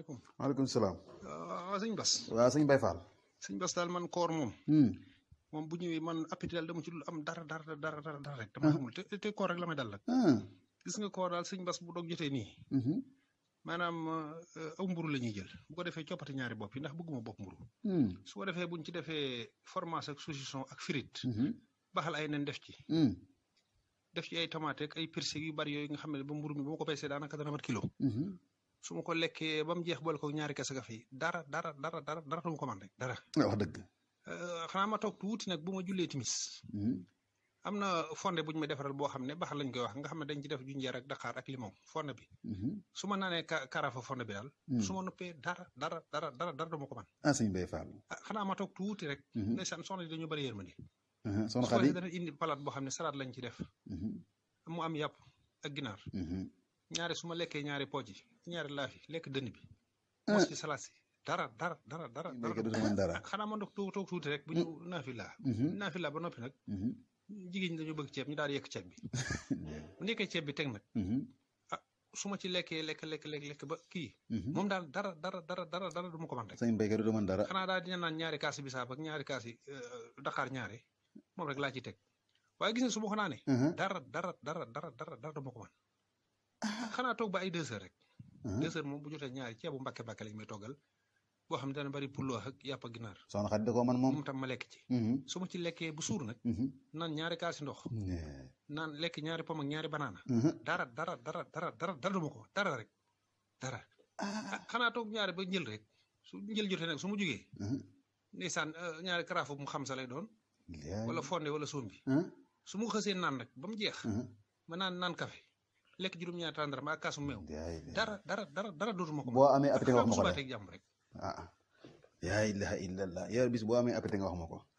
asalaamaaleykum. maaleykum salaam. waaw ah, sëñ Bas. waaw man koor moom. Hmm. moom bu ñëwee man appétit dama ci am dara dara dara dara dara rek. dama xamul te te koor rek la may dal nag. Hmm. gis nga koor daal sëñ Bas bu doog jotee nii. Hmm. maanaam euh, aw mburu la ñuy jël bu ko defee coppati ñaari bopp yi ndax bëgguma bopp mburu su ko defee buñ ci defee fromage ak saucisson ak frite baxal ay nen def ci def ci ay tomate ak ay yu bari nga ba mburu mi mat kilo su ma ko lekkee ba mu jeex boole ko ñaari kese ga fi dara dara dara dara dara du ko man rek dara. Ah, wax dëgg. Euh, xanaa ma toog tuuti nag bu ma julee timis. Hmm. am na fonde bu ñu ma defaral boo xam ne baax lañ koy wax nga xam ne dañ ci def junjeer ak daqaar ak limon fonde bi. Hmm. su ma naanee ka karafa fonde bi daal. Hmm. su ma noppee dara dara dara dara dara du ma ko man. ah sëñ Baye ah, xanaa ma toog tuuti rek. ndeysaan soxna di dañu bëri yërmande. soxna Xadi dana indi palaat boo xam ne salaat lañ ci def. mu am yàpp ak ginaar. ñaari su ma lekkee ñaari pooj ñaari laaf lekk dënn bi. Ah. mos ci salaas yi dara dara dara dara. dara xanaa man nag toog toog rek. bu ñu mm-hmm. naafila. Mm-hmm. naafila ba noppi nag. Mm-hmm. jigéen ñi dañu ceeb ñu daal yekk ceeb bi. bu ceeb bi teg nag. ah ma ci lekkee lekk lekk lekk lekk ba kii. moom daal dara dara dara dara dara du ma ko mën rek. sëñ Baïkara du mën dara. xanaa daal dina naan ñaari kaasi bisaab ak ñaari kaasi euh, Dakar ñaari moom rek laa ci teg waaye gis su ma ko naanee. dara dara dara dara dara du ma tok ba ay 2 heures rek. 2 heures mom bu jotté ñaari ci bu mbacké mbàkke lañ may togal bo xam dana bari pullo ak yàpp ak ginaar. soxna xarit da koo man mom tam ma lek ci. suma ci lekke bu sour nak nan ñaari kaas ndox. nan lek ñaari pom ak ñaari banana dara dara dara dara dara dara dara dara rek dara. Ah. Ah, xana tok ñaari ba ñël rek su ñël jotté nak suma juggé jugee. Euh, ñaari karaafu mu xam sa lay doon. wala fonde wala sombi. su ma ko xasee naan nag jeex. ma nan nan café lekk juróom ñaata tàndarma ak kaasu meew. dara dara dara dara dootuma ko. boo amee appétit nga wax ma ko de rek. ah, ah. yaa ilaha illallah yow bis boo amee appétit nga wax ma ko.